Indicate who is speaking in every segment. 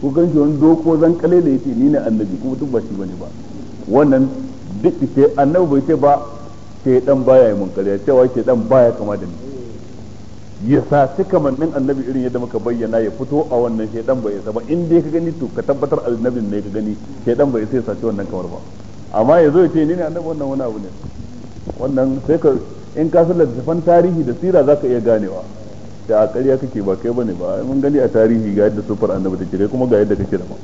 Speaker 1: ko ganshi wani doko zan da yace ni ne annabi kuma duk ba shi bane ba wannan duk ce annabi bai ce ba ke dan baya yi mun kare cewa ke dan baya kama da ni ya sa suka mannin annabi irin yadda muka bayyana ya fito a wannan sai dan bai isa ba in dai ka gani to ka tabbatar annabin ne ka gani sai dan bai isa ya sace wannan kamar ba amma ya zo ya ce ni ne annabi wannan wani abu ne wannan sai ka in ka san littattafan tarihi da sira zaka iya ganewa da a ƙarya kake ba kai bane ba mun gani a tarihi ga yadda sufar annabi take kai kuma ga yadda kake da ba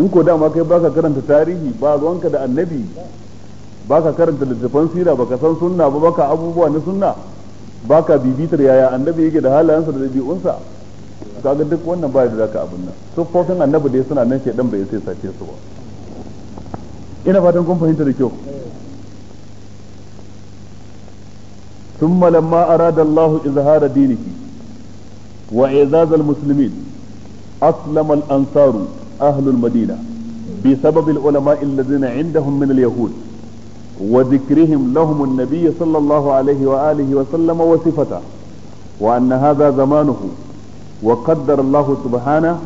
Speaker 1: in ko dama kai baka karanta tarihi ba ruwanka da annabi baka karanta littafan sira baka san sunna ba baka abubuwa na sunna baka bibitar yaya annabi yake da halayensa da dabi'unsa kaga duk wannan ba da zaka abin nan sufofin annabi dai suna nan shedan bai sai sace su ba ina fatan kun fahimta da kyau ثم لما أراد الله إظهار دينه وإعزاز المسلمين أسلم الأنصار أهل المدينة بسبب العلماء الذين عندهم من اليهود وذكرهم لهم النبي صلى الله عليه وآله وسلم وصفته وأن هذا زمانه وقدر الله سبحانه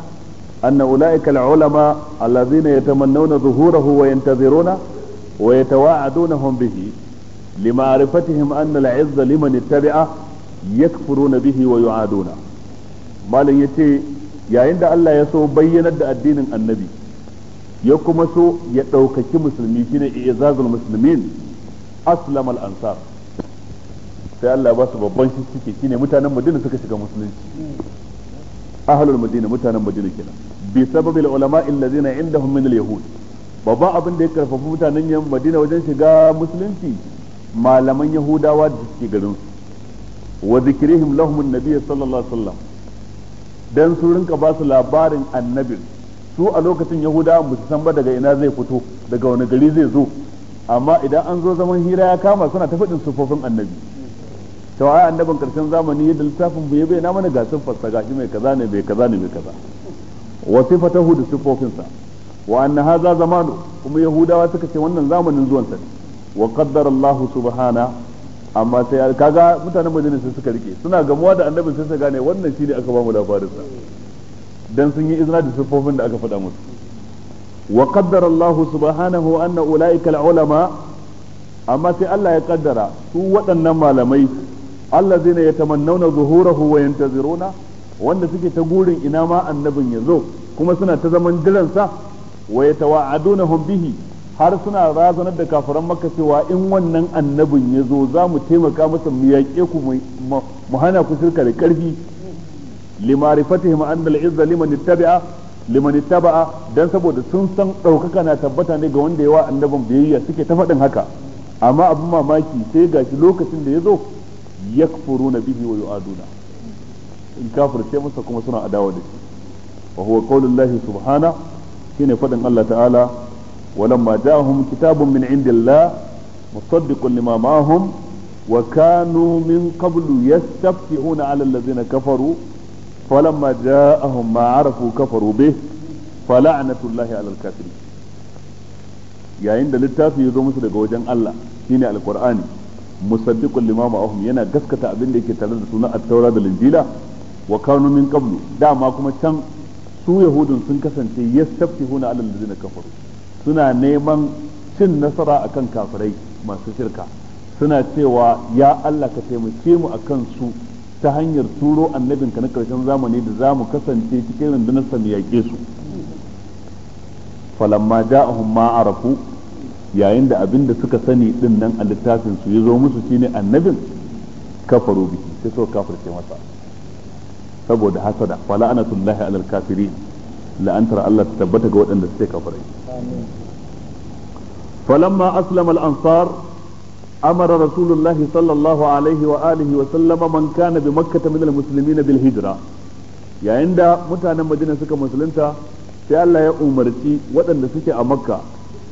Speaker 1: أن أولئك العلماء الذين يتمنون ظهوره وينتظرونه ويتواعدونهم به لمعرفتهم أن العز لمن اتبعه يكفرون به ويعادونه malam ya ce yayin da Allah ya so bayyanar da addinin annabi ya kuma so ya ɗaukaki musulmi ne i'zazul musulmin aslam al ansar sai Allah ba su babban shi suke ne mutanen Madina suka shiga musulunci ahalul madina mutanen madina kenan bi sababi ulama allazina indahum min al-yahud babban abin da ya karfafa mutanen yan madina wajen shiga musulunci malaman yahudawa da suke garin su wa zikrihim lahum an-nabiy sallallahu alaihi wasallam dan su rinka ba su labarin annabin su a lokacin yahuda ba san ba daga ina zai fito daga wani gari zai zo amma idan an zo zaman hira ya kama suna ta faɗin sufofin annabi to ai annabin karshen zamani yadda littafin mu ya bayyana mana ga siffarsa gashi mai kaza ne mai kaza ne mai kaza wa sifatahu da sifofinsa wa anna hadha zamanu kuma yahudawa suka ce wannan zamanin zuwansa ne wa qaddara Allah subhanahu amma sai kaga mutanen madina sun suka rike suna gamuwa da annabin sai su gane wannan ne aka ba mu labarin sa dan sun yi izina da siffofin da aka faɗa musu wa qaddara Allah subhanahu anna ulaika al-ulama amma sai Allah ya kaddara su waɗannan malamai allah allazina yatamannawna zuhurahu wa yantaziruna wanda suke ta gurin ina ma annabin ya zo kuma suna ta zaman jiransa wa yatawa'adunahum bihi har suna razanar da kafiran maka cewa in wannan annabin ya zo za mu taimaka masa mu yaƙe ku mu hana ku shirka da ƙarfi limarifatihim anna al-izza liman ittaba'a liman ittaba'a dan saboda sun san ɗaukaka na tabbata ne ga wanda yawa annabin biyayya suke ta faɗin haka amma abin mamaki sai gashi lokacin da ya zo yakfuruna bihi wa yu'aduna in kafirce masa kuma suna adawa da shi wa huwa qaulullahi subhana shine faɗin Allah ta'ala ولما جاءهم كتاب من عند الله مصدق لما معهم وكانوا من قبل يستفتحون على الذين كفروا فلما جاءهم ما عرفوا كفروا به فلعنة الله على الكافرين yayin da littafi ya zo musu daga wajen Allah shine alqur'ani musaddiqul lima ma'ahum yana gaskata abinda da yake tare da sunan at-taura da linjila wa kanu min qablu dama kuma can su yahudun sun kasance yastaftihuna alal suna neman cin nasara akan kafirai masu shirka suna cewa ya Allah ka taimake mu akan su ta hanyar turo annabinka na karshen zamani da za mu kasance cikin rundunar sa mu yaƙe su falamma ja'ahum ma arafu yayin da abin da suka sani din nan a littafin su zo musu shine annabin kafaru biki sai so kafirce masa saboda hasada fala anatullahi alal kafirin la'antar Allah ta tabbata ga waɗanda suke kafirai falamma aslama al-ansar amara rasulullah sallallahu alaihi wa alihi wa sallama man kana bi makkah min al-muslimin bil yayin da mutanen madina suka musulunta sai Allah ya umarci waɗanda suke a makka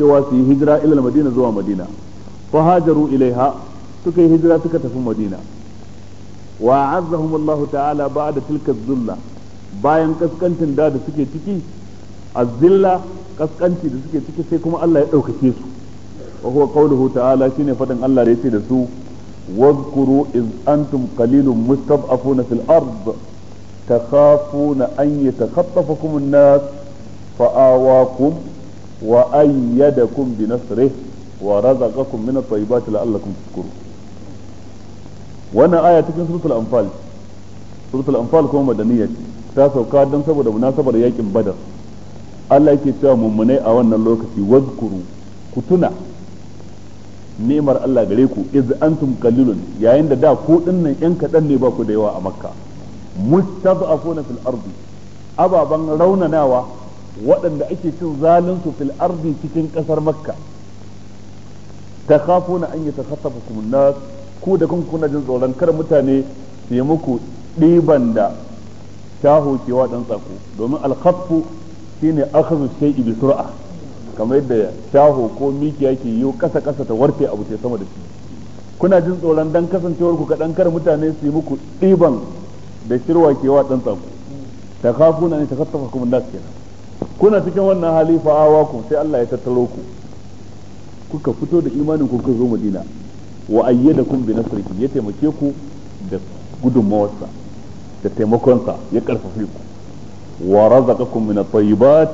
Speaker 1: cewa su yi hijira ila madina zuwa madina fa hajaru ilaiha suka yi hijira suka tafi madina wa azzahum Allah ta'ala ba'da tilka zulla. bayan kaskantin da da suke ciki a zilla kaskanci da suke ciki sai kuma Allah ya ɗaukake su wa huwa qawluhu ta'ala shine fadin Allah da ce da su wazkuru iz antum qalilun mustad'afuna fil ard takhafuna an yatakhatafakum an-nas fa'awakum wa ayyadakum bi nasrihi wa razaqakum min at la'allakum tashkurun wannan aya cikin suratul anfal suratul anfal kuma madaniyati ta sauka don saboda munasabar yakin badar Allah yake cewa mummunai a wannan lokaci wazkuru ku tuna ni'mar Allah gare ku iz antum qalilun yayin da da ku dinnan yan kadan ne ba ku da yawa a makka mustad'afuna fil ardi ababan raunanawa waɗanda ake cin zalunsu fil ardi cikin kasar makka takhafuna an yatakhatafakum an-nas ku da kun kuna jin tsoron kar mutane su yi muku ɗiban da shaho wa dan tsako domin alkhafu shine akhazu shay'i bi sur'a kamar yadda shaho ko miki yake yi kasa kasa ta warke abu ce sama da shi kuna jin tsoron dan kasancewar ku kadan kar mutane su yi muku diban da shirwa wa dan tsako takhafuna an takhattafakum an-nas kenan kuna cikin wannan hali fa'awa ku sai Allah ya tattaro ku kuka fito da imanin ku kuka zo Madina wa ayyadakum bi nasrihi ya taimake ku da gudunmawarsa da taimakonsa ya karfafe ku wa razaqakum min at-tayyibat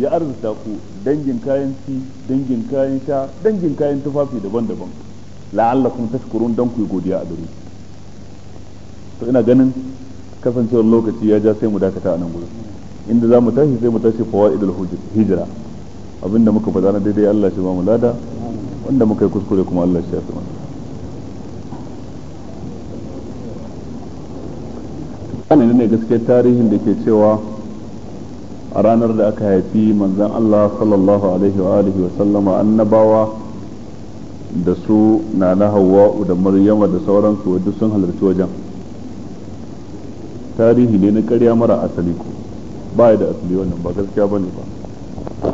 Speaker 1: ya arzuta ku dangin kayan ci dangin kayan sha dangin kayan tufafi daban-daban la'allakum tashkurun dan ku godiya a gare to ina ganin kasancewar lokaci ya ja sai mu dakata a nan gurin inda za mu tashi sai mu tashi fawaidul hijra abinda muka faɗa na daidai Allah shi ba mu lada wanda muka yi kuskure kuma Allah shi ya fi mana kanin ne gaske tarihin da ke cewa a ranar da aka haifi manzan Allah sallallahu alaihi wa alihi wa sallama annabawa da su na na da maryama da sauransu wadda sun halarci wajen tarihi ne na karya mara asali ku ba da asali wannan ba gaskiya ne ba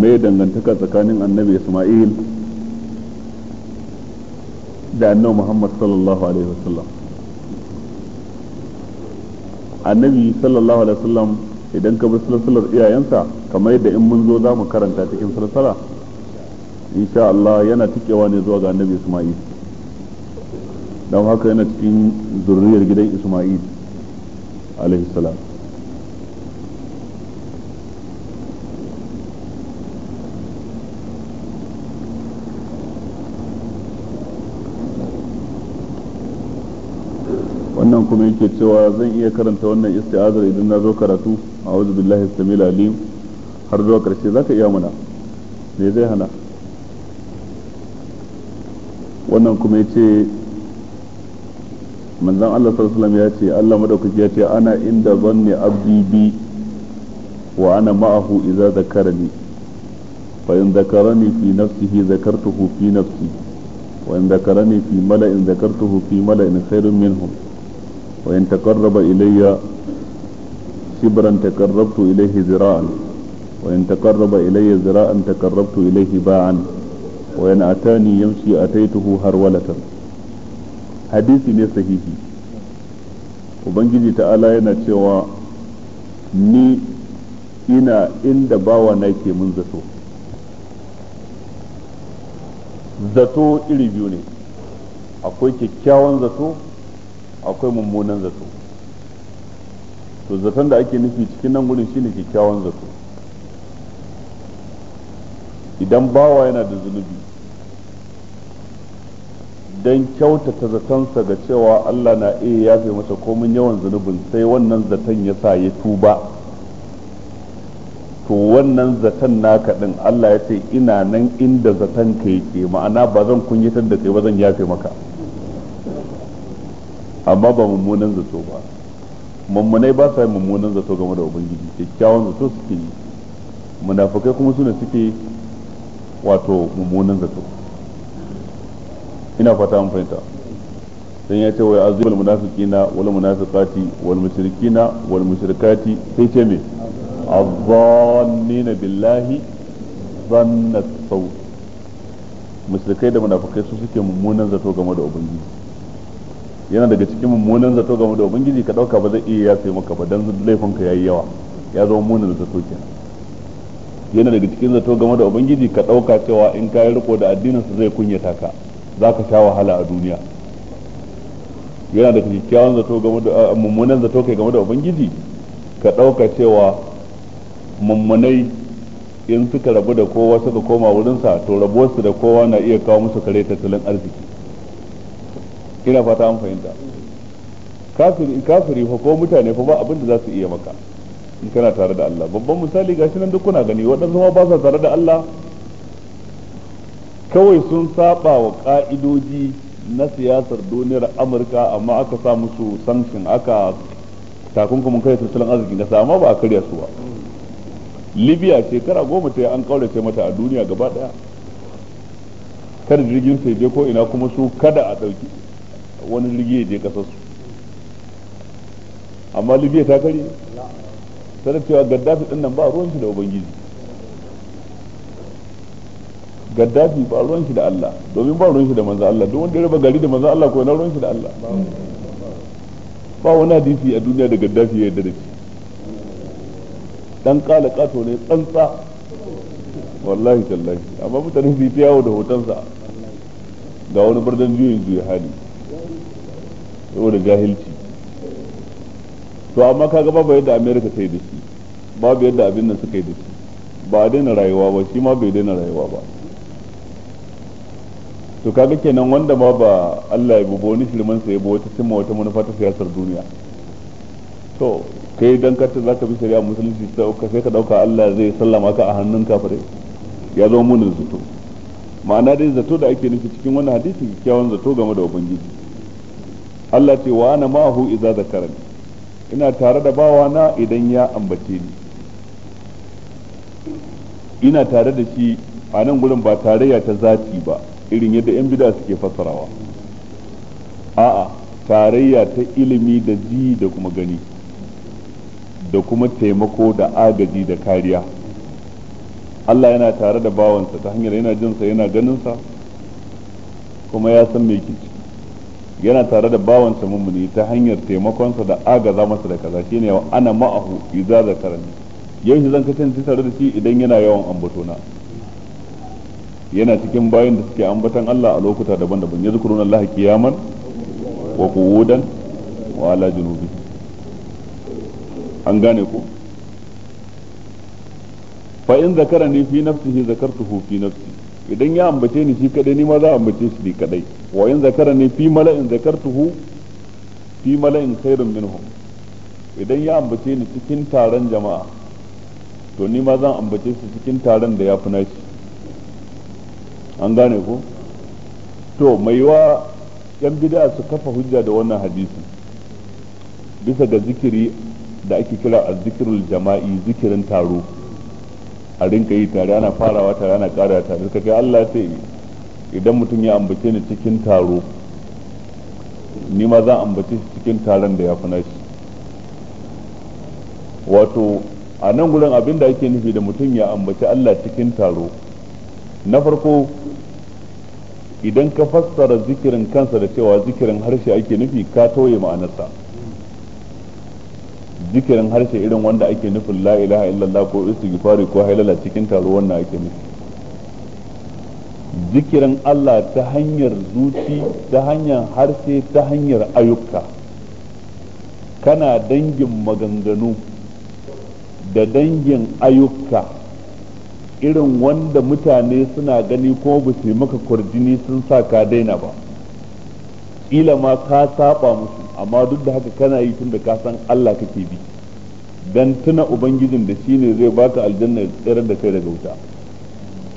Speaker 1: mai dangantaka tsakanin annabi isma'il da annabi Muhammad sallallahu alaihi wasallam annabi sallallahu alaihi wasallam idan ka bi sallar iyayensa kamar yadda in mun zo za mu karanta cikin salsala insha Allah yana tikewa ne zuwa ga annabi Isma'il don haka yana cikin zurriyar gidan Isma'il alaihi salam yake cewa zan iya karanta wannan isti'azar idan na zo karatu a a'udhu billahi samil alim har zuwa karshe zaka iya mana me zai hana wannan kuma ya ce manzon Allah sallallahu alaihi ya ce Allah madaukaki ya ce ana inda zanni abdi bi wa ana ma'ahu idza zakarani fa in zakarani fi nafsihi zakartuhu fi nafsi wa in zakarani fi mala'in zakartuhu fi mala'in khairun minhum وإن تقرب إلي شبرا تقربت إليه ذراعا وإن تقرب إلي ذراعا تقربت إليه باعا وإن أتاني يمشي أتيته هرولة حديثي ne sahihi ubangiji ta'ala yana cewa ni ina inda bawa na ke mun zato zato iri biyu ne akwai kyakkyawan zato akwai mummunan zato to zaton da ake nufi cikin nan gudun shine kyakkyawan zato idan bawa yana da zunubi don kyautata zatonsa ga cewa Allah na iya yafe masa komin yawan zunubin sai wannan zaton ya sa ya tuba to wannan zaton na din Allah ya ce ina nan inda zaton ka yake ma'ana ba zan kunyatar da kai ba zan yafe maka amma ba mummunan zato ba mummunai ba sa yin mummunan zato game da ubangiji kyakkyawan zato suke yi munafukai kuma suna suke wato mummunan zato ina fata an fahimta dan ya ce wa azibul munafiqina wal munafiqati wal mushrikina wal mushrikati sai ce me na billahi na sau mushrikai da munafukai su suke mummunan zato game da ubangiji yana daga cikin mummunan zato game da ubangiji ka dauka ba zai iya sai maka ba dan laifin ka yayi yawa ya zama munin zato kenan yana daga cikin zato game da ubangiji ka dauka cewa in ka yi riko da addinin sa zai kunyata ka zaka sha wahala a duniya yana daga kyakkyawan zato game da mummunan zato kai game da ubangiji ka dauka cewa mummunai in suka rabu da kowa suka koma wurinsa to rabuwarsu da kowa na iya kawo musu kare tattalin arziki ina fata an fahimta kafiri kafiri fa ko mutane fa ba abin za su iya maka in kana tare da Allah babban misali gashi nan duk kuna gani waɗansu ma ba sa tare da Allah kawai sun saba wa ka'idoji na siyasar duniyar Amurka amma aka sa musu sanction aka takunkumin kai tattalin arziki na amma ba a karya su ba Libya shekara goma ta an kaurace mata a duniya gaba daya kada jirgin sai je ko ina kuma su kada a ɗauki wani libiya je kasar amma libiya ta kare sanar cewa gaddafi din nan ba ruwan shi da ubangiji gaddafi ba ruwan shi da Allah domin ba ruwan shi da manzo Allah duk wanda ya raba gari da manzo Allah ko na ruwan shi da Allah ba wani hadisi a duniya da gaddafi ya yarda da shi dan kala kato ne tsantsa wallahi tallahi amma mutane su yi ta yawo da hotonsa ga wani birnin juyin juya hali saboda jahilci to amma kaga babu yadda america ta yi da shi babu yadda abin nan suka yi da shi ba a daina rayuwa ba shi ma bai daina rayuwa ba to kaga kenan wanda ma ba Allah ya bubo ni shirman sa ya bo wata cimma wata manufa ta siyasar duniya to kai dan ka ta zaka bi shari'a musulunci sai ka dauka Allah zai sallama ka a hannun kafirai ya zama munin zato ma'ana dai zato da ake nufi cikin wannan hadisi kyakkyawan zato game da ubangiji Allah ce wa mahu ma'ahu da zakarani ina tare da bawa na idan ya ambace ni ina tare da shi a nan gurin ba tarayya ta zati ba irin yadda yan bida suke fassarawa a'a tarayya ta ilimi da ji da kuma gani da kuma taimako da agaji da kariya Allah yana tare da bawansa ta hanyar yana jinsa yana ganinsa kuma ya san me kici yana tare da bawansa mummuni ta hanyar taimakonsa da agaza masa da kaza shine ana ma'ahu da zakarani yau shi zan kasance tare da shi idan yana yawan ambatona yana cikin bayan da suke ambatan Allah a lokuta daban-daban ya zikurun Allah kiyaman wa kuwudan wa ala junubi an gane ku fa in zakarani fi nafsihi zakartuhu fi nafsi idan ya ambace ni shi kadai ni ma za a ambace shi ni kadai wa in zakara ni fi mala'in zakartuhu fi mala'in khairun minhum idan ya ambace ni cikin taron jama'a to ni ma zan ambace shi cikin taron da ya fi nashi an gane ko to mai wa yan bid'a su kafa hujja da wannan hadisi bisa ga zikiri da ake kira azzikirul jama'i zikirin taro a rinka yi tare ana farawa tare ana ƙara tare ka kai Allah sai idan mutum ya ambace ni cikin taro ni ma za ambace shi cikin taron da ya fi nashi wato a nan gurin abin da ake nufi da mutum ya ambaci Allah cikin taro na farko idan ka fassara zikirin kansa da cewa zikirin harshe ake nufi ka tauye ma'anarsa zikirin harshe irin wanda ake nufin la ilaha illallah ko istighfari ko halala cikin taro wannan ake nufi zikirin Allah ta hanyar zuci ta hanyar harshe ta hanyar ayyuka kana dangin maganganu da dangin ayyuka irin wanda mutane suna gani ko ba su maka kwarjini sun sa ka daina ba ila ma ka saba musu amma duk da haka kana yi tun da ka san Allah kake bi dan tuna ubangijin da shine zai baka aljanna ya tsere da kai daga wuta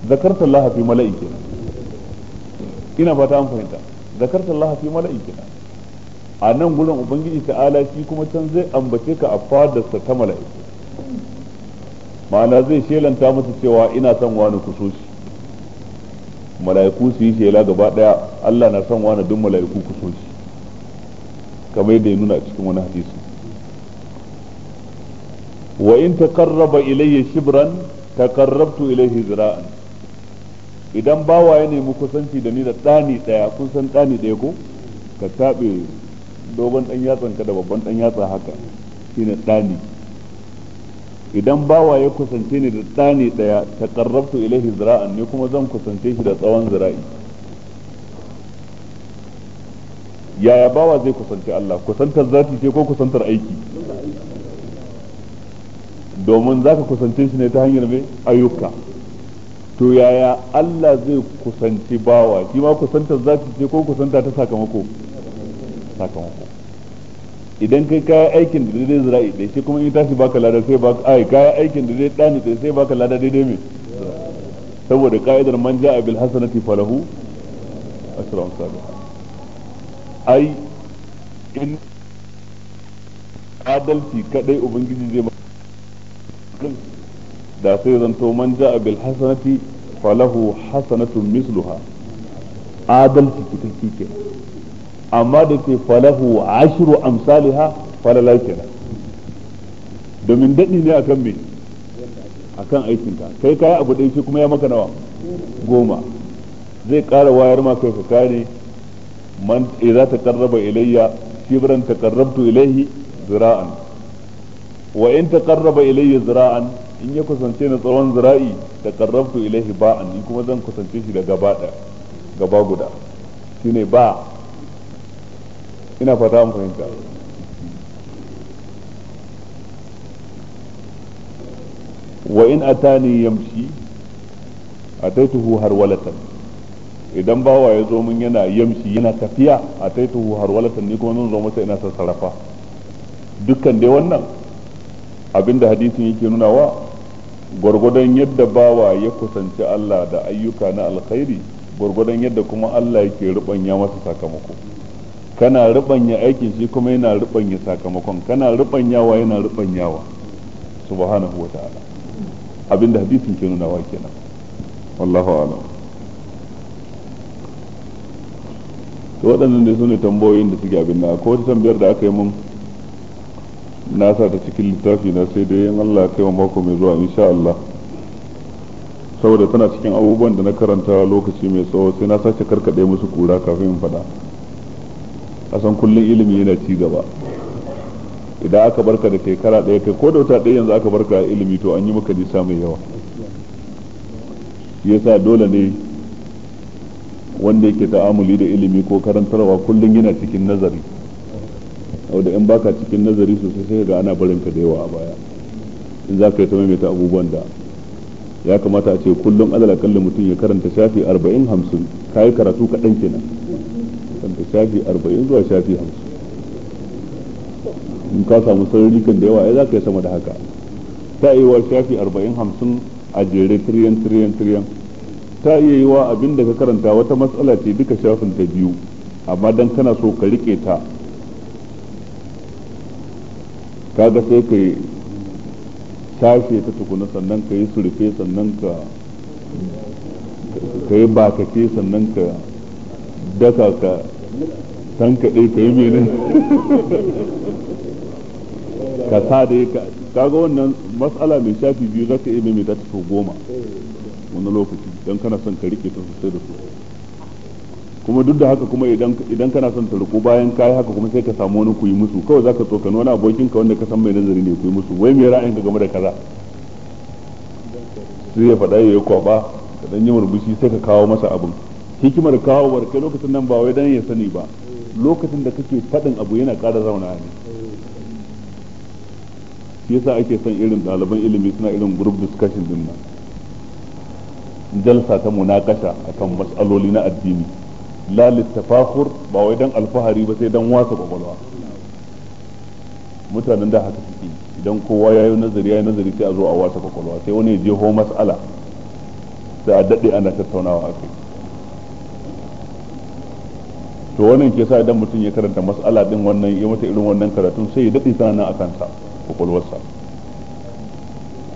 Speaker 1: zakarta Allah fi mala'iki ina ina fata an fahimta zakarta Allah fi mala'iki a nan gurin ubangiji ta'ala shi kuma can zai ambace ka a fadarsa ta mala'iki ma'ana zai shelanta masa cewa ina son wani kuso shi mala'iku su yi shela gaba daya Allah na son wani duk mala'iku kuso shi kamar yadda ya nuna a cikin wani hadisi wa in taqarraba ilayya shibran taqarrabtu ilayhi zira'an idan bawa ya nemi kusanci da ni da tsani daya kun san tsani daya ko ka tabe dogon ɗan yatsan ka da babban ɗan yatsa haka shine tsani idan bawa ya kusance ni da tsani daya taqarrabtu ilayhi zira'an ne kuma zan kusance shi da tsawon zira'i yaya bawa zai kusanci Allah kusantar zati ce ko kusantar aiki domin za ka kusance shi ne ta hanyar mai ayyuka to yaya Allah zai kusanci bawa shi ma kusantar zati ce ko kusanta ta sakamako sakamako idan kai kaya aikin da daidai zira'i ɗaya shi kuma in tashi baka lada sai baka ai kaya aikin da daidai dani ɗaya sai baka lada daidai mai saboda ka'idar manja a bilhassanati hasanati falahu asra salih ai in adalci kadai ubangiji zai ma da sai zanto man ja'a bil hasanati falahu hasanatun misluha adalci kike-kike amma da ke falahu ashru amsalha falala kenan domin daɗi ne akan me akan aikinka kai kai abu ɗaya shi kuma ya maka nawa goma zai ƙara wayar ma kai ka kare man idza taqarraba ilayya shibran taqarrabtu ilayhi zira'an wa in taqarraba ilayya zira'an in ya kusance na tsawon zira'i taqarrabtu ilayhi ba'an in kuma zan kusance shi da gaba guda shine ba ina fata an fahimta wa in yamshi idan bawa ya zo mun yana yamshi yana tafiya a taita har walatan ni kuma zan zo masa ina sassarafa dukkan dai wannan abinda hadisin yake nuna wa gwargwadon yadda bawa ya kusanci Allah da ayyuka na alkhairi gwargwadon yadda kuma Allah yake rubanya masa sakamako kana rubanya aikin shi kuma yana rubanya sakamakon kana rubanyawa yana rubanyawa subhanahu wataala abinda hadisin ke nuna wa kenan wallahu a'lam to waɗannan da su ne tambayoyin da suke abin na ko wata tambayar da aka yi mun na sa ta cikin littafi na sai dai yin Allah kai wa mako mai zuwa insha Allah saboda tana cikin abubuwan da na karanta lokaci mai tsawo sai na sace karkaɗe musu kura kafin in faɗa a san kullum ilimi yana ci gaba idan aka barka da shekara ɗaya kai ko da wata ɗaya yanzu aka barka ilimi to an yi maka nisa mai yawa yasa dole ne wanda yake ta'amuli da ilimi ko karantarwa kullum yana cikin nazari wanda in baka cikin nazari sosai sai ga ana barin ka da yawa a baya in za ka yi ta maimaita abubuwan da ya kamata a ce kullum azala kalli mutum ya karanta shafi arba'in hamsin ka yi karatu kaɗan kenan karanta shafi arba'in zuwa shafi hamsin in ka samu sarari kan da yawa ai za ka yi sama da haka ta yi wa shafi arba'in hamsin a jere tiriyan tiriyan tiriyan ta iya yi wa abin da ka karanta wata matsala ce duka shafin ta biyu amma don kana so ka rike ta kaga sai ka shafe ta tukuna sannan ka yi surfe sannan ka ka yi bakace sannan ka daka ka tankaɗe ka yi mene
Speaker 2: ka sa da ka
Speaker 1: kaga wannan matsala mai shafi biyu za ka iya mai ta goma wani lokaci don kana son ka rike ta sosai da sosai kuma duk da haka kuma idan kana son ta riko bayan kayi haka kuma sai ka samu wani ku yi musu kawai za ka tsokano wani abokin ka wanda ka san mai nazari ne ku yi musu wai me ra'ayin ka game da kaza sai ya faɗa ya kwaba ka dan yi murmushi sai ka kawo masa abin hikimar kawo kai lokacin nan ba wai dan ya sani ba lokacin da kake faɗin abu yana ƙara zauna ne shi yasa ake son irin ɗaliban ilimi suna irin group discussion din nan jalsa ta munakasha akan matsaloli na addini la littafakhur ba wai dan alfahari ba sai dan wasa kwakwalwa mutanen da haka suke idan kowa ya yi nazari ya yi nazari sai a zo a wasa kwakwalwa sai wani ya je ho mas'ala sai a daɗe ana tattaunawa a kai to wannan ke sa idan mutum ya karanta mas'ala din wannan ya mata irin wannan karatun sai ya daɗe tana a kansa kwakwalwarsa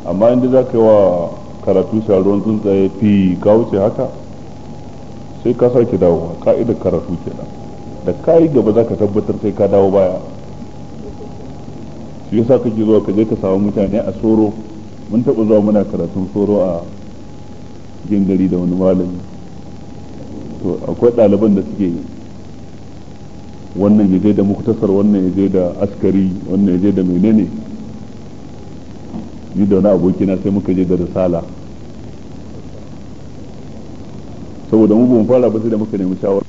Speaker 1: amma inda za ka yi wa karatu a ruwan tsuntsaye fi ka wuce haka sai ka sake a ka'idar karatu kenan da ka yi gaba za ka tabbatar sai ka dawo baya shi yasa kake zuwa ka je ka samu mutane a soro mun taɓa zuwa muna karatun soro a gari da wani malami to akwai ɗaliban da suke wannan ya je da muktasar wannan ya je da askari wannan ya je da menene ni da wani abokina sai muka je da risala saboda mu mu fara ba sai da muka nemi shawara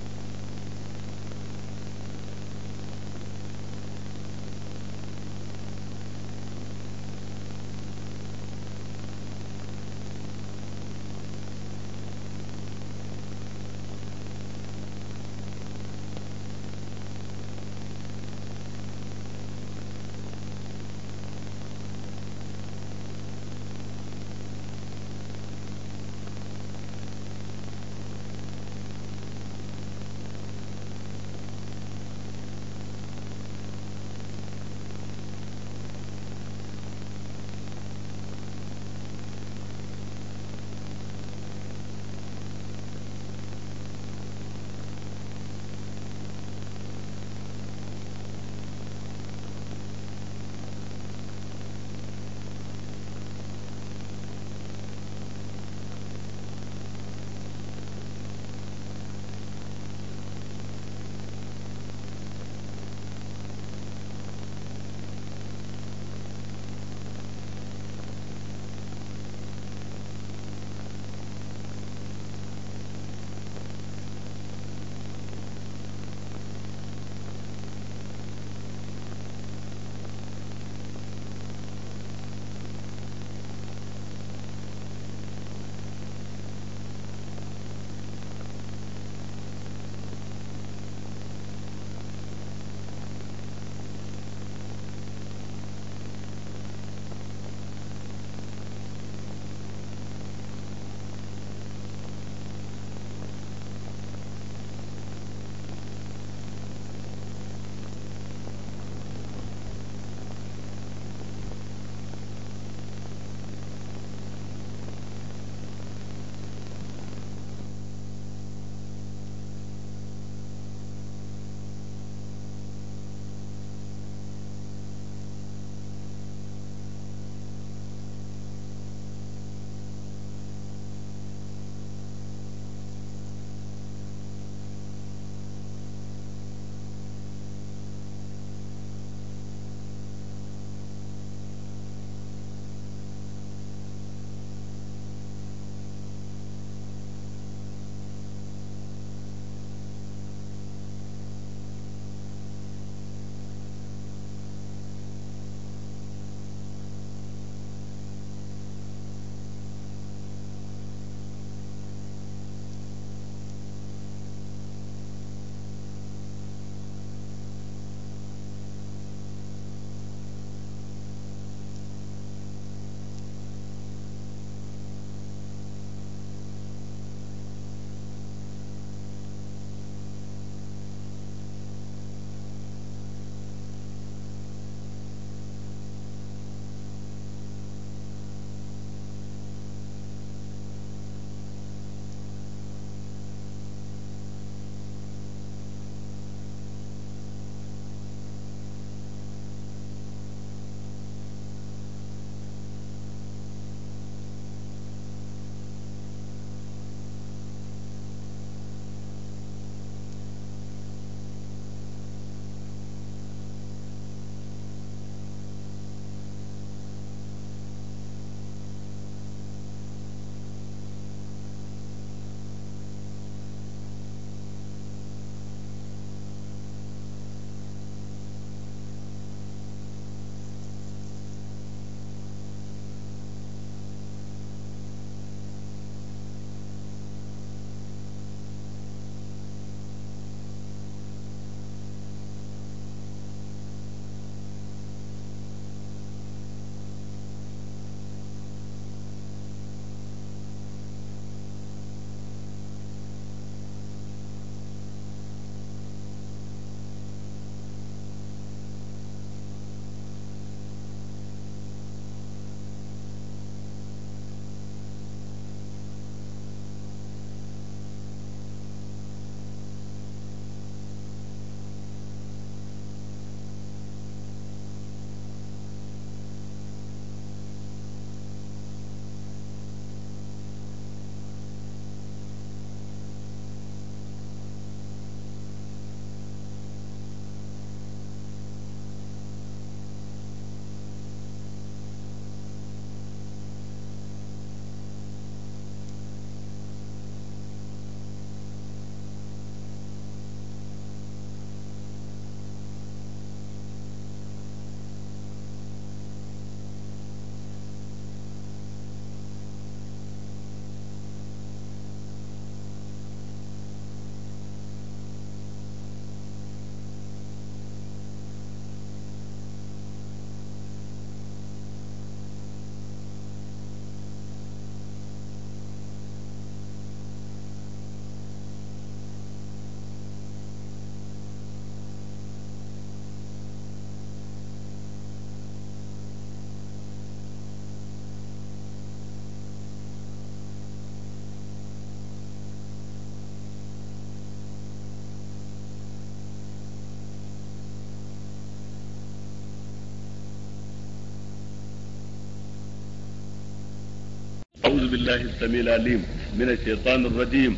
Speaker 1: أعوذ بالله السميع العليم من الشيطان الرجيم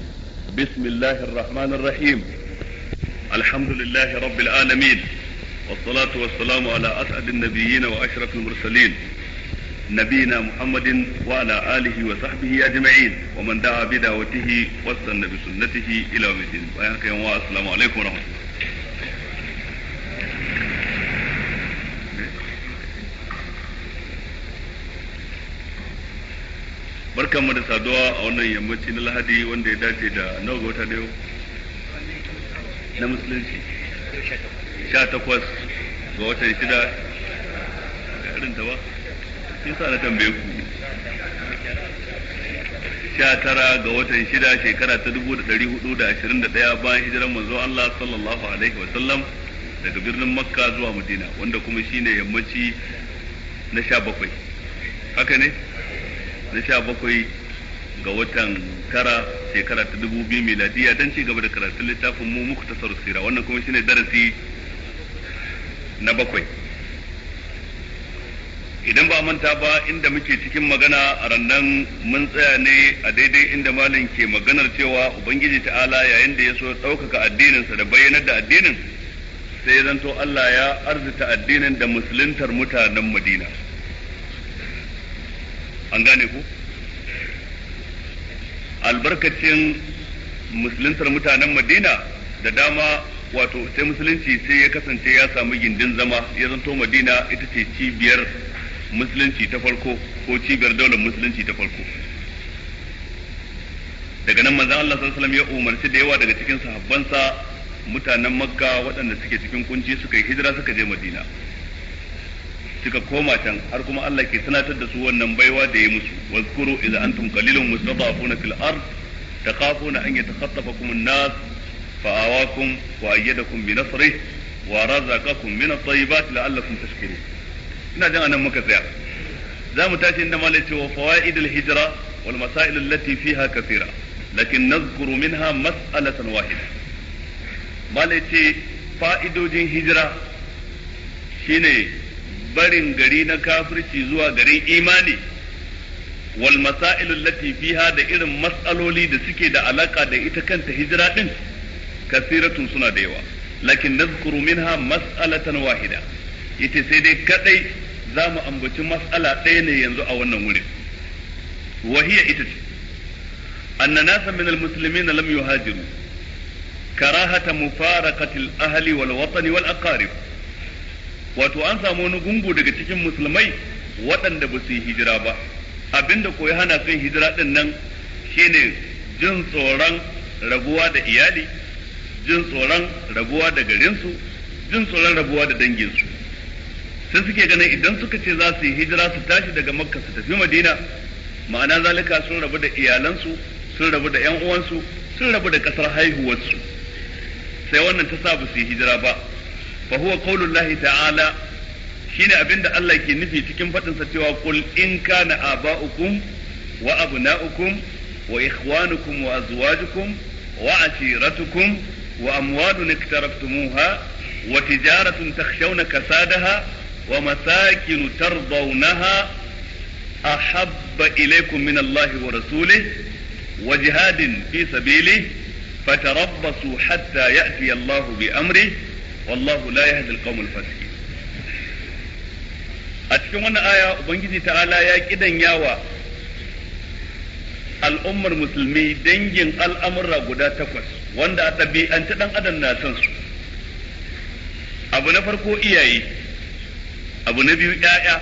Speaker 1: بسم الله الرحمن الرحيم الحمد لله رب العالمين والصلاة والسلام على أسعد النبيين وأشرف المرسلين نبينا محمد وعلى آله وصحبه أجمعين ومن دعا بدعوته واستنى بسنته إلى يوم الدين السلام عليكم ورحمة الله barkan mu da saduwa a wannan yammaci na lahadi wanda ya dace da nawa ga wata da yau na musulunci sha takwas ga watan shida irin ta ba shi sa na tambaye ku sha tara ga watan shida shekara ta dubu da dari hudu da ashirin da ɗaya bayan hijiran manzo Allah sallallahu alaihi wasallam daga birnin makka zuwa madina wanda kuma shine yammaci na sha bakwai haka ne na sha bakwai ga watan tara shekara ta dubu biyu miladiya don ci gaba da karatun littafin mu muku tasar sira wannan kuma shine darasi na bakwai idan ba manta ba inda muke cikin magana a rannan mun tsaya ne a daidai inda malin ke maganar cewa ubangiji ta'ala yayin da ya so ɗaukaka addininsa da bayyanar da addinin sai zanto Allah ya arzita addinin da musuluntar mutanen Madina. an gane ku albarkacin musuluntar mutanen madina da dama wato sai musulunci sai ya kasance ya samu gindin zama ya zanto madina ita ce cibiyar musulunci ta farko ko cibiyar daular musulunci ta farko daga nan manzon Allah sallallahu alaihi wasallam ya umarci da yawa daga cikin sahabbansa mutanen makka waɗanda suke cikin kunci suka yi hijira suka je madina suka koma can har kuma Allah ke tunatar da su wannan baiwa da ya musu wazkuru idza antum qalilun mustadafuna fil ard takhafuna an yatakhattafakum an-nas fa'awakum wa ayyadakum bi nasrih wa razaqakum min at-tayyibat la'allakum tashkurun ina jin anan muka tsaya za mu tashi inda malai cewa fawaidul hijra wal masail allati fiha kathira lakin nazkuru minha mas'alatan wahida malai ce fa'idojin hijira shine barin gari na kafirci zuwa garin imani wal masail allati fiha da irin matsaloli da suke da alaka da ita kanta hijira din kasiratun suna da yawa lakin nazkuru minha mas'alatan wahida Ita sai dai kadai za mu ambaci mas'ala ɗaya ne yanzu a wannan wurin wahiya ita ce anna nasa min almuslimina lam yuhajiru karahata mufaraqati ahli wal watani wal aqarib wato an samu wani gungu daga cikin musulmai waɗanda ba su yi hijira ba abinda ko ya hana sun hijira ɗin nan ne jin tsoron rabuwa da iyali jin tsoron rabuwa da garinsu jin tsoron rabuwa da danginsu sai suke ganin idan suka ce za su yi hijira su tashi daga makka su tafi madina ma'ana zalika sun rabu da iyalansu sun rabu da 'yan uwansu sun rabu da ƙasar haihuwarsu sai wannan ta sa ba su yi hijira ba فهو قول الله تعالى شين أبن الله كي في تكن فتن ستوى قل إن كان آباؤكم وأبناؤكم وإخوانكم وأزواجكم وعشيرتكم وأموال اقترفتموها وتجارة تخشون كسادها ومساكن ترضونها أحب إليكم من الله ورسوله وجهاد في سبيله فتربصوا حتى يأتي الله بأمره wallahu la yahdi al-qawm al a cikin wannan aya ubangiji ta'ala ya kidanyawa al'ummar musulmi dangin al'amurra guda takwas wanda a ɗabi'ance ɗan adam na son su abu na farko iyaye abu na biyu ‘ya'ya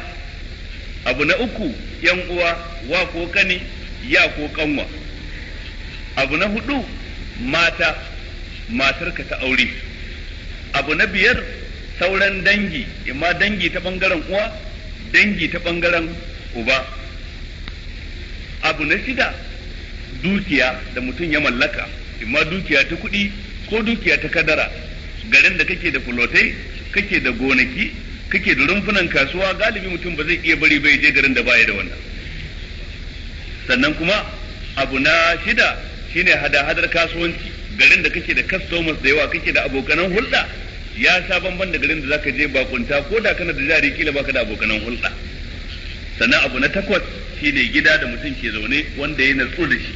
Speaker 1: abu na uku ‘yan uwa wa ko kani ya ko kanwa abu na hudu mata matarka ta aure abu na biyar sauran dangi imma dangi ta bangaren uwa dangi ta bangaren uba abu na shida dukiya da mutum ya mallaka imma dukiya ta kuɗi ko dukiya ta kadara garin da kake da fulotai kake da gonaki kake da rumfunan kasuwa galibi mutum ba zai iya bari bai je garin da baya da wannan sannan kuma abu na shida shine hada-hadar kasuwanci garin da kake da customers da yawa kake da abokanan hulɗa ya sha bamban da garin da zaka je bakunta ko da kana da jari kila baka da abokanan hulɗa sannan abu na takwas shine gida da mutum ke zaune wanda ya natsu da shi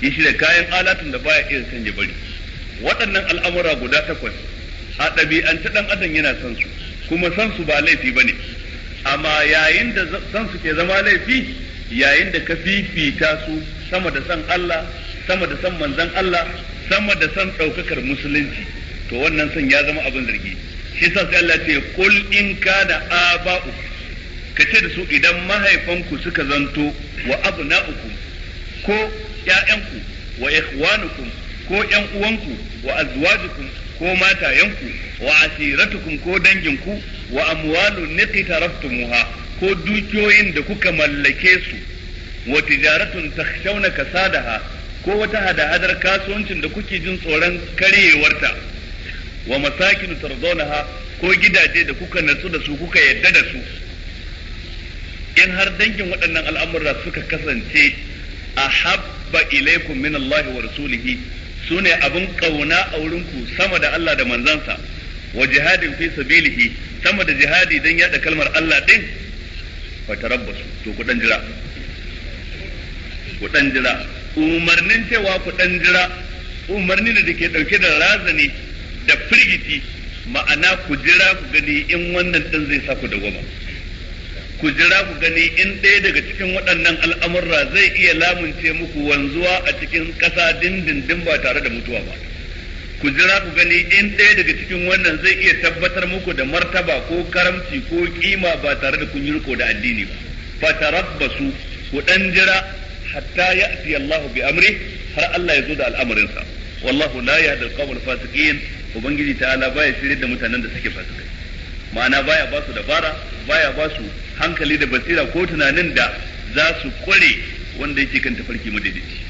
Speaker 1: ya shirya kayan alatun da baya iya sanya bari waɗannan al'amura guda takwas a ɗabi'ance ɗan adam yana son su kuma son su ba laifi ba ne amma yayin da son su ke zama laifi yayin da ka fifita su sama da son Allah sama da son manzon Allah sama da son ɗaukakar musulunci to wannan son ya zama abin zargi shi yasa sai Allah ce kul in kana aba'u kace da su idan mahaifanku suka zanto wa abna'uku ko ƴaƴanku wa ikhwanukum ko ƴan uwanku wa azwajukum ko matayenku wa asiratukum ko danginku wa amwalun niqtaraftumuha ko dukiyoyin da kuka mallake su wa tijaratun takshawna kasadaha ko wata hada-hadar kasuwancin da kuke jin tsoron karyewarta wa masakin tardawnaha ko gidaje da kuka nasu da su kuka yadda da su in har dangin waɗannan al'amura suka kasance a habba ilaikum min Allah wa rasulihi su ne abin ƙauna a wurin ku sama da Allah da manzansa wa jihadin fi sabilihi sama da jihadi don yada kalmar Allah ɗin fa tarabbasu to ku ɗan jira ku ɗan jira umarnin cewa ku ɗan jira umarnin da ke dauke da razani da firgiti ma'ana ku jira ku gani in wannan din zai saku da gwama ku jira ku gani in ɗaya daga cikin waɗannan al'amurra zai iya lamunce muku wanzuwa a cikin ƙasa dindindin ba tare da mutuwa ba ku jira ku gani in ɗaya daga cikin wannan zai iya tabbatar muku da martaba ko karamci ko kima ba tare da kun yi riko da addini ba tarabbasu ku dan jira hatta ya'ti Allahu bi amri har Allah ya zo da al'amarinsa wallahu la yahdi al-qawm fasiqin ubangiji ta'ala baya shirye da mutanen da suke fasikai ma'ana baya basu dabara baya basu hankali da basira ko tunanin da za su kware wanda yake kan tafarki madaidaici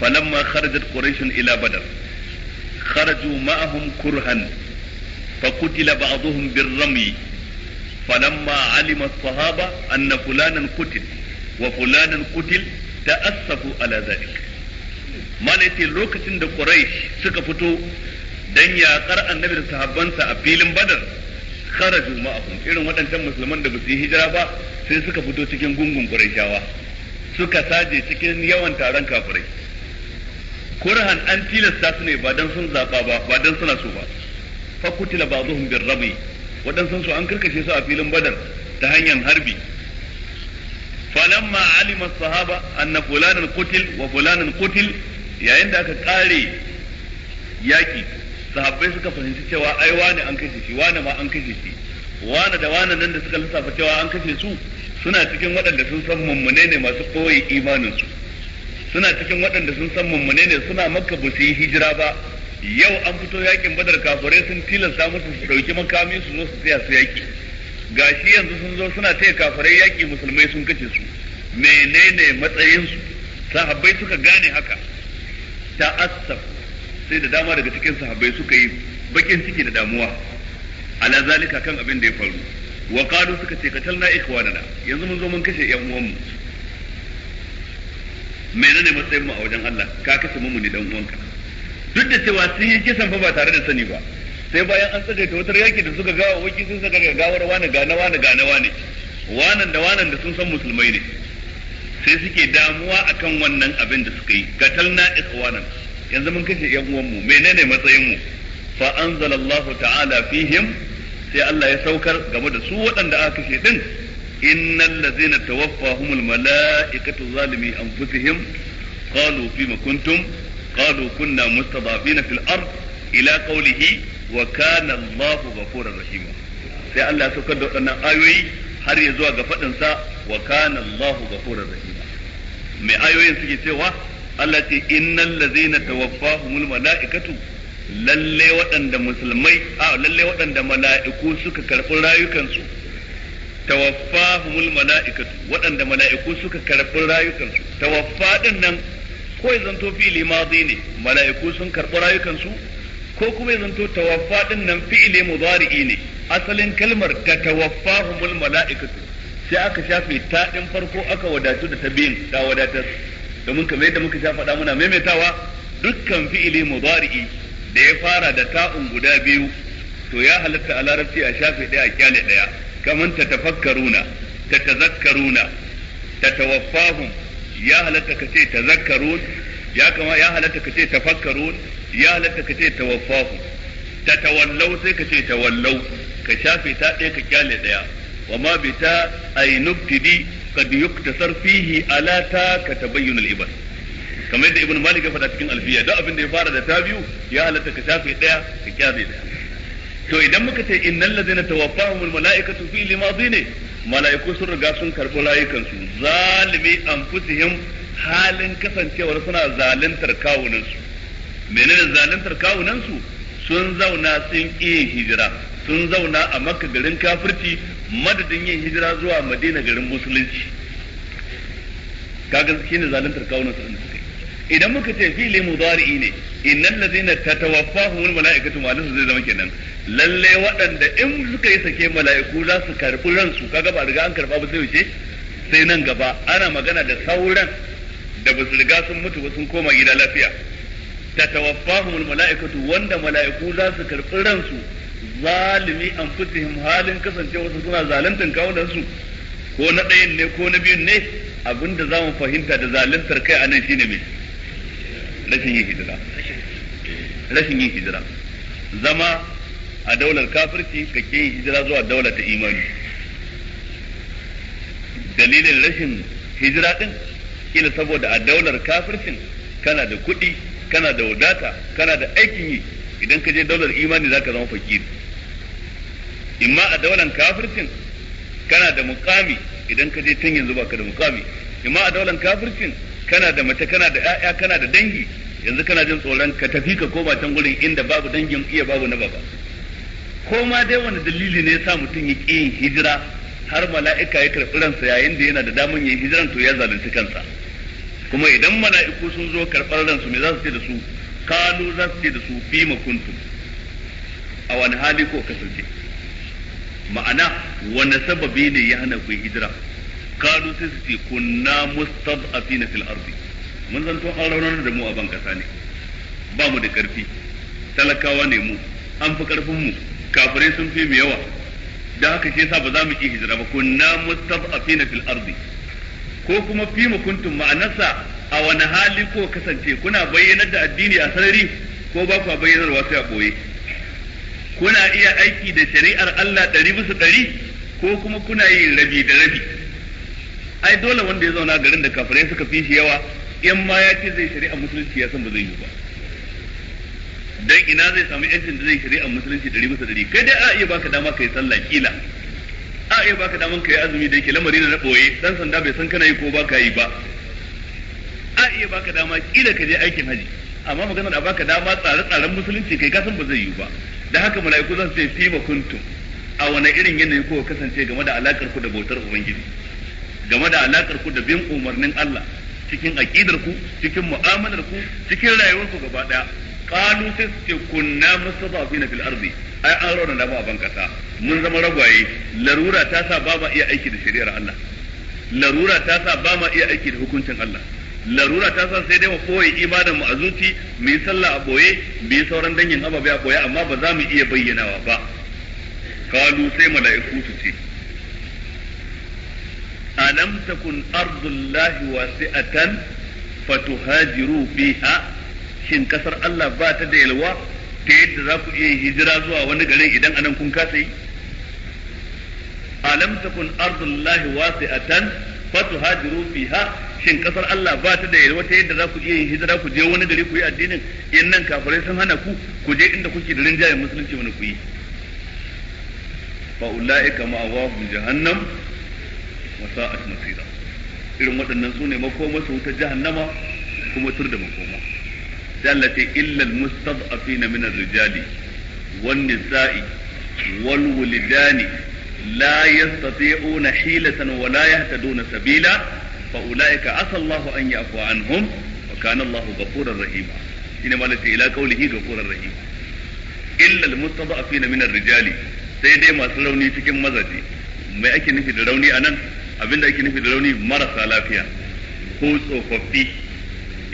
Speaker 1: falamma kharajat quraish ila badar kharaju ma'ahum kurhan فقتل بعضهم falama فلما علم الصحابة أن kutil wa وفلانا kutil ta على ذلك malai ce lokacin da quraish suka fito dan yakar annabi da sahabbansa a filin badar kharaju ma'ahum irin waɗancan musulman da ba su yi hijira ba sai suka fito cikin gungun Qurayshawa suka saje cikin yawan taron kafirai kurhan an tilasta su ne ba dan sun zaba ba ba dan suna so ba fa kutila ba'dhum birrabi waɗansu su an karkashe su a filin badar ta hanyar harbi falamma alima sahaba anna fulanan qutil wa fulanan qutil yayin da aka kare yaki sahabbai suka fahimci cewa ai wane an kashe shi wane ma an kashe shi wane da wane nan da suka lissafa cewa an kashe su suna cikin waɗanda sun san mummune ne masu koyi imanin su suna cikin waɗanda sun san mummune ne suna makka ba su yi hijira ba yau an fito yakin badar kafirai sun tilasta musu su ɗauki makami su zo su tsaya su yaki gashi yanzu sun zo suna taya kafirai yaki musulmai sun kace su menene matsayinsu sahabbai suka gane haka ta'assaf sai da dama daga cikin sahabbai suka yi bakin ciki da damuwa ala zalika kan abin da ya faru wa qalu suka ce katalna ikhwanana yanzu mun zo mun kashe yan uwanmu menene matsayin mu a wajen Allah ka kashe mu ne dan uwanka duk da cewa sun yi kisan fa ba tare da sani ba sai bayan an tsare ta wutar yaki da suka gawa waki sun saka gawar wani na wani na wani wanan da wanan da sun san musulmai ne sai suke damuwa akan wannan abin da suka yi qatalna ikhwanan yanzu mun kashe yan uwan mu menene matsayin mu fa anzalallahu ta'ala fihim sai Allah ya saukar game da su waɗanda aka kashe din innal ladzina tawaffahumul mala'ikatu zalimi anfusihim qalu fima kuntum qalu kunna mustadafina fil ard ila qawlihi wa kana Allahu ghafurur rahim sai Allah ya saukar da waɗannan ayoyi har ya zuwa ga faɗinsa wa kana Allahu ghafurur rahim mai ayoyin suke cewa Allah ce innal ladzina tawaffahumul malaikatu lalle waɗanda musulmai a lalle waɗanda mala'iku suka karɓi rayukansu tawaffahumul mala'ikatu waɗanda mala'iku suka karɓi rayukansu tawaffa din nan ko ya zanto fi'ili madi ne mala'iku sun karɓi rayukansu ko kuma ya zanto tawaffa din nan fi'ili mudari'i ne asalin kalmar ta tawaffahumul mala'ikatu sai aka shafe ta din farko aka wadatu da ta biyun ta wadatar domin kamar yadda muka sha faɗa muna maimaitawa dukkan fi'ili mudari'i da ya fara da ta'un guda biyu to ya halatta a larabci a shafe ɗaya a kyale ɗaya kamar ta tafakkaruna ta tazakkaruna ta tawaffahum ya halatta ka ce tazakkarun ya kama ya halatta ka ce tafakkarun ya halatta ka ce tawaffahum ta tawallau sai ka ce tawallau ka shafe ta ɗaya ka kyale ɗaya wa ma bi ta ainubtidi qad yuktasar fihi ala ta ka tabayyun al-ibar kamar da ibn malik ya faɗa cikin alfiya duk abin da ya fara da ta biyu ya halatta ka shafe daya ka kyale daya to idan muka ce innal ladzina tawaffahumul malaikatu fi limadi ne malaiku sun riga sun karɓi rayukansu zalimi anfusihim halin kasancewar suna zaluntar kawunansu menene zaluntar kawunansu sun zauna sun iya hijira sun zauna a maka garin kafirci madadin yin hijira zuwa madina garin musulunci kaga ne zaluntar kawunan su da suka yi idan muka ce fili mudari'i ne innal ladina tatawaffahumul malaikatu ma su zai zama kenan lalle waɗanda in suka yi sake mala'iku za su karɓi ransu kaga ba riga an karɓa ba sai wuce sai nan gaba ana magana da sauran da ba su riga sun mutu ba sun koma gida lafiya tatawaffahumul malaikatu wanda mala'iku za su karɓi ransu zalimi an anfusihim halin kasance wasu suna zaluntar da su ko na ɗayan ne ko na biyun ne abinda za mu fahimta da zaluntar kai a shi shine mai rashin yin hijira rashin yin hijira zama a daular kafirci ka ke yin hijira zuwa daular ta imani dalilin rashin hijira din ila saboda a daular kafircin kana da kuɗi kana da wadata kana da aikin yi idan ka je daular imani za ka zama fakiri imma a daular kafircin kana da mukami idan ka je tun yanzu baka da mukami imma a daular kafircin kana da mace kana da ƴaƴa kana da dangi yanzu kana jin tsoron ka tafi ka koma can gurin inda babu dangin iya babu na baba ko ma dai wani dalili ne yasa mutum ya ƙi yin hijira har mala'ika ya karɓi ransa yayin da yana da daman yin hijiran to ya zalunci kansa kuma idan mala'iku sun zo karɓar ransu me za su ce da su kalu za su ce da su fi a wani hali ko kasance ma'ana wani sababi ne ya hana ku hijira kalu sai su ce kunna mustad'afina fil ardi mun zanto an raunar da mu a ban kasa ne ba mu da karfi talakawa ne mu an fi karfin mu kafirai sun fi mu yawa da haka shi yasa ba za mu ki hijira ba kunna mustad'afina fil ardi ko kuma fi mu kuntum ma'anarsa a wani hali ko kasance kuna bayyanar da addini a sarari ko ba ku bayyanarwa sai a boye kuna iya aiki da shari'ar Allah ɗari bisa ɗari ko kuma kuna yin rabi da rabi ai dole wanda ya zauna garin da kafirai suka fi shi yawa in ma ya ce zai shari'a musulunci ya san ba zai yi ba dan ina zai samu yancin da zai shari'a musulunci ɗari bisa ɗari kai dai a iya baka dama kai sallah kila a iya baka daman kai azumi da yake lamari na boye dan sanda bai san kana yi ko baka yi ba a iya baka dama kila ka je aikin haji amma maganar a baka dama tsare-tsaren musulunci kai kasan ba zai yi ba da haka mala'iku za su ce fi kuntum a wani irin yanayi ko kasance game da alakar ku da bautar ubangiji game da alakar ku da bin umarnin Allah cikin aqidar ku cikin mu'amalar ku cikin rayuwar ku gaba daya qalu sai su ce kunna mustadafina fil ardi ai an rauna da mu a kasa mun zama ragwaye larura ta sa ba ma iya aiki da shari'ar Allah larura ta sa ba ma iya aiki da hukuncin Allah larura ta sa sai dai mu koyi ibadan mu a zuci mu yi sallah a boye mu yi sauran dangin ababe a boye amma ba za mu iya bayyanawa ba kalu sai mala'iku su ce alam takun ardullahi wasi'atan fatuhajiru biha shin kasar Allah ba ta da yalwa ta yadda za ku iya hijira zuwa wani garin idan anan kun kasa yi alam takun ardullahi wasi'atan hajiru fiha shin kasar Allah ba ta da wata yadda za ku iya yin hijira ku je wani gari ku yi addinin in nan kafirai sun hana ku ku je inda kuke da rinjayen musulunci wani ku yi fa ulaika ma'awahum jahannam wa sa'at masira irin waɗannan su ne makoma su wuta jahannama kuma tur da makoma sai Allah ta illa al-mustad'afina min ar-rijali wan nisa'i wal wuldani la yastati'una hilatan wa la yahtaduna sabila fa ulaika asallahu an yafu anhum wa kana Allahu ghafurur rahima shine malaka ila qawlihi ghafurur rahim illa almustada'afin min ar-rijali sai dai masu rauni cikin mazaje mai ake nufi da rauni nan abinda ake nufi da rauni marasa lafiya ko tsofaffi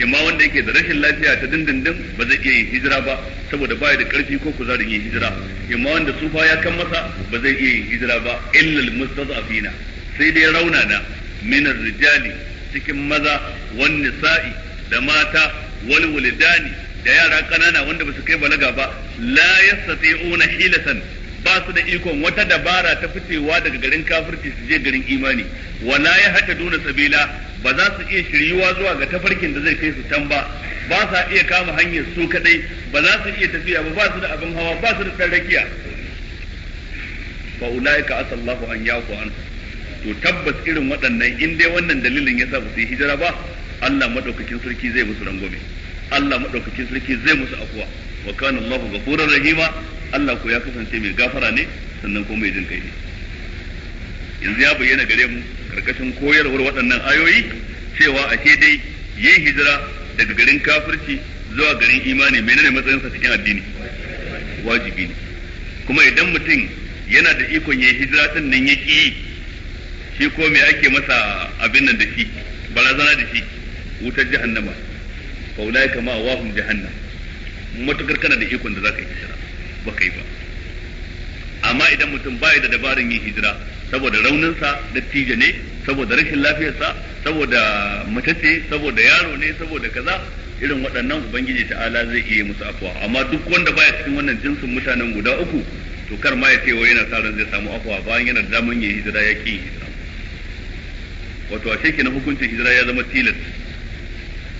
Speaker 1: ma wanda yake da rashin lafiya ta dindindin ba zai iya yin hijira ba saboda baya da karfi ko kuzarin yin hijira ma wanda sufa ya kan masa ba zai iya yin hijira ba illal mustazafina sai dai raunana min rijali cikin maza wan nisa'i da mata wal walidani da yara kanana wanda ba su kai balaga ba la yastati'una hilatan ba su da ikon wata dabara ta ficewa daga garin kafirci su je garin imani wala ya hata duna sabila ba za su iya shiryuwa zuwa ga tafarkin da zai kai su can ba ba sa iya kama hanyar su kadai ba za su iya tafiya ba ba su da abin hawa ba su da tsarrakiya fa ulaika asallahu an yaqu an to tabbas irin waɗannan in dai wannan dalilin yasa ba su yi hijira ba Allah madaukakin sarki zai musu rangwame Allah madaukakin sarki zai musu afuwa wa kana Allahu ghafurur rahima Allah ko ya kasance mai gafara ne sannan ko mai jin kai ne yanzu ya bayyana gare mu karkashin koyarwar waɗannan ayoyi cewa ashe dai yin hijira daga garin kafirci zuwa garin imani menene matsayinsa cikin addini wajibi ne kuma idan mutum yana da ikon ya hijira din nan ya ki shi ko me ake masa abin nan da shi barazana da shi wutar jahannama faulai kama a wafin jahannam matukar kana da ikon da zaka yi hijira baka yi ba amma idan mutum baya da dabarin yin hijira saboda rauninsa tije ne saboda rashin lafiyarsa saboda mace saboda yaro ne saboda kaza irin waɗannan ubangiji ta'ala zai iya musu afuwa amma duk wanda baya cikin wannan jinsin mutanen guda uku to kar ma ya ce wai yana sa ran zai samu afuwa bayan yana da daman ya hijira ya ki hijira wato a shekina hukuncin hijira ya zama tilas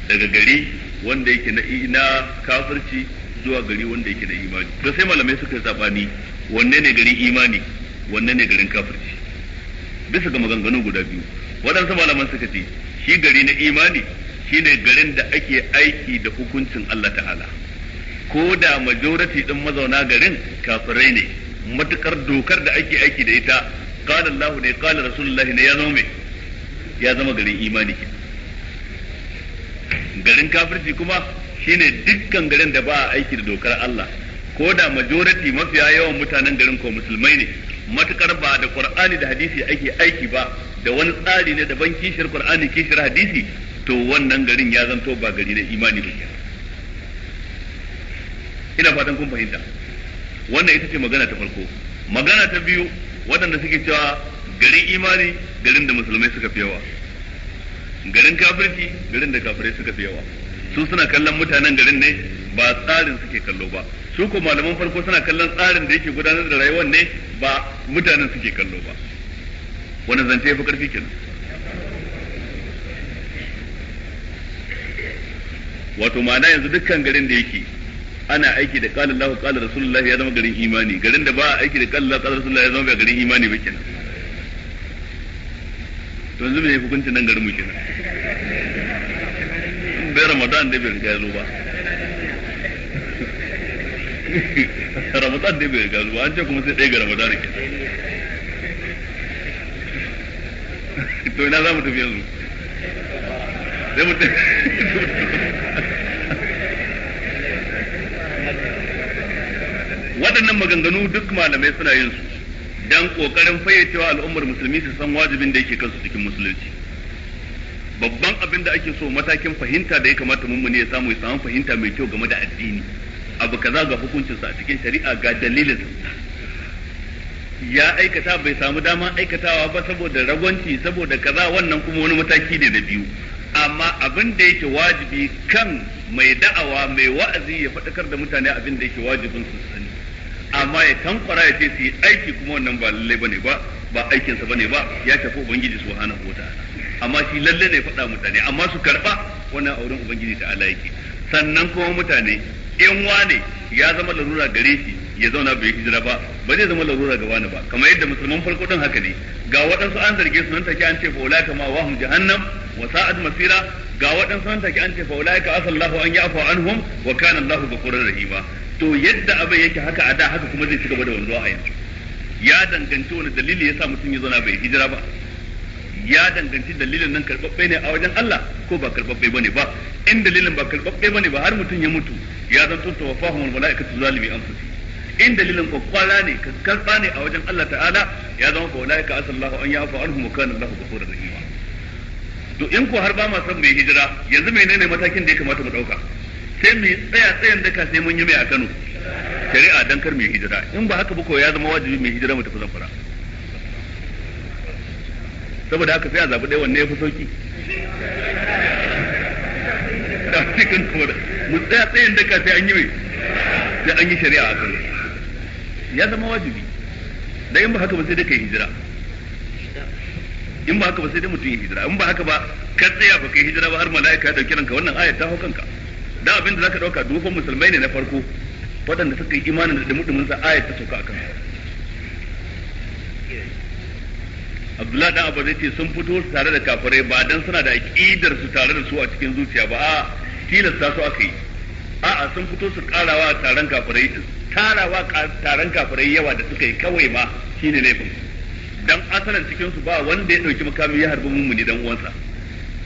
Speaker 1: daga gari wanda yake na ina kafirci zuwa gari wanda yake na imani to sai malamai suka sabani wanne ne garin imani wanne ne garin kafirci bisa ga maganganu guda biyu waɗansu malaman suka ce shi gari na imani shine garin da ake aiki da hukuncin Allah ta'ala ko da majority din mazauna garin kafirai ne matukar dokar da ake aiki da ita qala Allah ne qala rasulullahi ne ya zama ya zama garin imani kenan garin kafirci kuma shine dukkan garin da ba a aiki da dokar Allah ko da majority mafiya yawan mutanen garin ko musulmai ne matukar ba da qur'ani da hadisi ake aiki ba da wani tsari ne daban kishir qur'ani kishir hadisi to wannan garin ya zanto ba gari na imani ba ina fatan kun fahimta wannan ita ce magana ta farko magana ta biyu waɗanda suke cewa garin imani garin da musulmai suka fi yawa garin kafirci garin da kafirai suka fi yawa su suna kallon mutanen garin ne ba tsarin suke kallo ba su ko malaman farko suna kallon tsarin da yake gudanar da rayuwar ne ba mutanen suke kallo ba wani zance ya fi karfi kenan wato ma'ana yanzu dukkan garin da yake ana aiki da qala Allahu qala Rasulullahi ya zama garin imani garin da ba aiki da qala Allahu qala Rasulullahi ya zama garin imani ba kenan to yanzu mai hukunci nan garin mu kenan bai ramadan dai bai riga ya zo ba ramadan dai bai riga ya ba an ce kuma sai ɗaya ga ramadan ke to ina za mu tafi yanzu sai mu waɗannan maganganu duk malamai suna yin su dan kokarin fayyacewa al'ummar musulmi su san wajibin da yake kansu cikin musulunci babban abin da ake so matakin fahimta da ya kamata mun ya samu ya samu fahimta mai kyau game da addini abu kaza ga hukuncinsa a cikin shari'a ga dalilin sa ya aikata bai samu dama aikatawa ba saboda ragwanci saboda kaza wannan kuma wani mataki ne da biyu amma abin da yake wajibi kan mai da'awa mai wa'azi ya faɗakar da mutane abin da yake wajibin su amma ya tankwara ya ce su yi aiki kuma wannan ba lallai bane ba ba aikinsa bane ba ya tafi ubangiji su hana hota amma shi lalle ne faɗa mutane amma su karɓa wannan auren ubangiji ta ala yake sannan kuma mutane in wane ya zama larura gare shi ya zauna bai hijira ba ba zai zama larura ga wani ba kamar yadda musulman farko din haka ne ga waɗansu an zarge su nan take an ce faula ma wahum jahannam wa sa'ad masira ga waɗansu nan take an ce faula ka asallahu an ya'fu anhum wa kana Allahu ghafurur rahima to yadda abin yake haka a da haka kuma zai ci gaba da wanzuwa a yanzu ya danganci wani dalili sa mutum ya zauna bai hijira ba ya danganci dalilin nan karɓaɓɓe ne a wajen Allah ko ba karɓaɓɓe bane ba in dalilin ba karɓaɓɓe bane ba har mutum ya mutu ya zan zanto tawaffahumul malaikatu zalimi anfusihim in dalilin kwakwala ne karɓa ne a wajen Allah ta'ala ya zama ko laika asallahu an yafa anhu kana Allahu ghafurur rahim to in ko har ba ma san mai hijira yanzu menene matakin da ya kamata mu dauka sai mu tsaya tsayan ka sai mun yi mai a Kano shari'a dan kar mu yi hijira in ba haka ba ko ya zama wajibi mu hijira mu tafi zamfara saboda haka sai a zabi dai wanne yafi sauki da cikin kuma mu tsaya tsayin ka sai an yi mai sai an yi shari'a a Kano ya zama wajibi da in ba haka ba sai da kai hijira in ba haka ba sai da mutum ya hijira in ba haka ba ka tsaya ba kai hijira ba har mala'ika ya dauki ranka wannan ayat ta hukanka kanka da abin da zaka dauka dukkan musulmai ne na farko waɗanda suka yi imanin da mutumin sa ayat ta sauka akan Abdullah dan Abbas ce sun fito tare da kafirai ba dan suna da aqidar su tare da su a cikin zuciya ba a tilasta su aka yi a'a sun fito su karawa taron kafirai tarawa taron kafirai yawa da suka yi kawai ma shine laifin dan asalin cikin su ba wanda ya dauki makamin ya harbi mummuni dan uwansa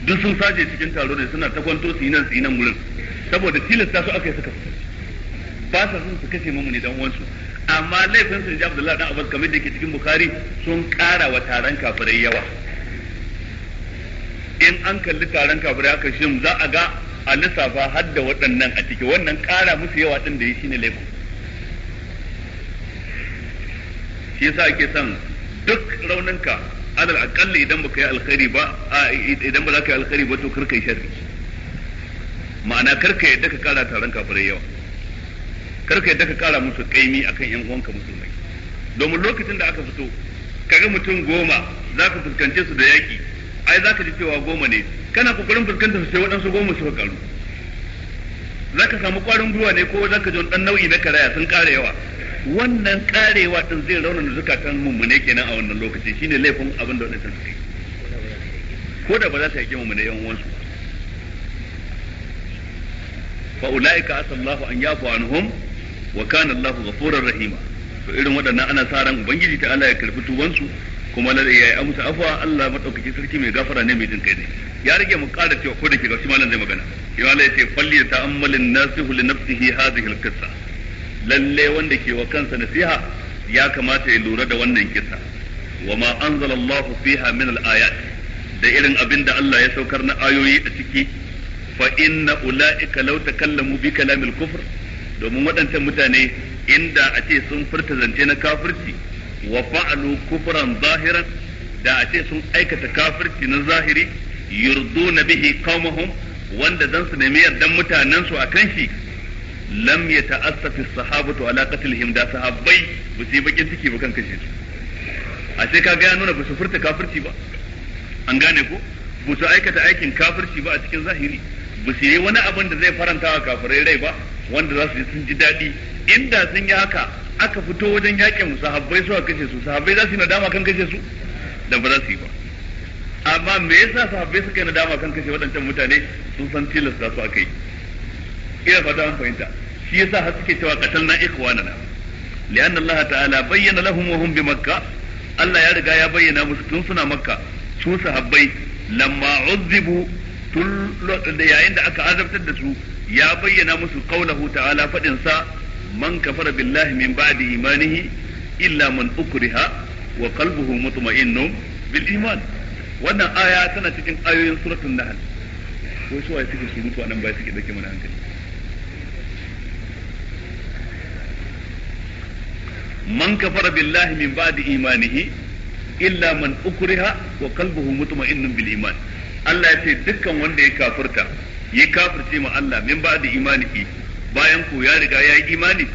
Speaker 1: duk sun saje cikin taro ne suna ta kwanto su yi nan su yi nan wurin saboda tilasta su aka yi suka fita ba sa sun su kashe mamuni dan uwansu amma laifin sun ji Abdullahi dan Abbas kamar da yake cikin bukari sun kara wa taron kafirai yawa in an kalli taron kafirai aka shi za a ga a lissafa har da waɗannan a ciki wannan ƙara musu yawa ɗin da ya shine laifin shi yasa ake son duk rauninka alal aqalli idan baka yi alkhairi ba idan ba za ka yi alkhairi ba to karka yi sharri ma'ana karka yadda ka kara taron kafirai yawa karka yadda ka kara musu kaimi akan yan uwanka musulmai domin lokacin da aka fito kaga mutum goma za ka fuskance su da yaki ai za ka ji cewa goma ne kana kokarin fuskantar su sai waɗansu goma suka karu za ka samu kwarin gwiwa ne ko za ka ji wani ɗan nau'i na karaya sun ƙara yawa wannan karewa din zai raunana zukatan mummune kenan a wannan lokaci shine laifin abin da wannan suka ko da ba za su yake mummune yan uwansu fa ulaika asallahu an yafu anhum wa kana allah ghafurur rahima to irin waɗannan ana sa ran ubangiji ta Allah ya karbi tubansu kuma lalle yayi amsa afwa Allah madaukaki sarki mai gafara ne mai jin kai ne ya rage mu ƙara cewa ko da ke shi malam zai magana ya Allah ya ce falli ammalin nasihu li nafsihi hadhihi al-qissa lalle wanda ke wa kansa nasiha ya kamata ya lura da wannan kisa wa ma anzalallahu fiha min al-ayat da irin abin da Allah ya saukar na ayoyi a ciki fa inna ulaika law takallamu bi kalamil kufr domin waɗancan mutane inda a ce sun furta zance na kafirci wa fa'alu kufran zahiran da a ce sun aikata kafirci na zahiri yurduna bihi qaumahum wanda zan su nemi yardan mutanen su akan shi lam yata'assaf as to ala qatlihim da sahabbai ba su yi bakin ciki ba kan kashe su a sai kaga ya nuna ba su furta kafirci ba an gane ko ba su aikata aikin kafirci ba a cikin zahiri ba su yi wani abin da zai faranta wa kafirai rai ba wanda za su ji sun ji daɗi inda sun yi haka aka fito wajen yakin sahabbai a kashe su sahabbai za su yi nadama kan kashe su da ba za su yi ba amma me yasa sahabbai suka yi nadama kan kashe waɗancan mutane sun san tilasta su aka yi ina fata an fahimta shi yasa har suke cewa qatalna ikhwanana lian Allah ta'ala bayyana lahum wa hum bi makka Allah ya riga ya bayyana musu tun suna makka su sahabbai lamma uzzibu tun yayin da aka azabtar da su ya bayyana musu qaulahu ta'ala fadin sa man kafara billahi min ba'di imanihi illa man ukriha wa qalbuhu mutma'innun bil iman wannan aya tana cikin ayoyin suratul nahl ko su waye suke surutu anan ba suke dake mana hankali man kafara billahi min ba'di imanihi illa man ukriha wa qalbuhu mutma'innun bil iman Allah ya ce dukkan wanda ya kafirta ya kafirce ma Allah min ba'di imanihi bayan ko ya riga ya yi imani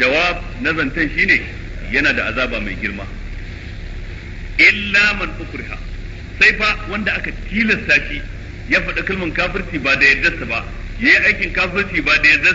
Speaker 1: jawab na zantan shine yana da azaba mai girma illa man ukriha sai fa wanda aka tilasta shi ya faɗi kalman kafirci ba da yaddarsa ba yayi aikin
Speaker 2: kafirci ba da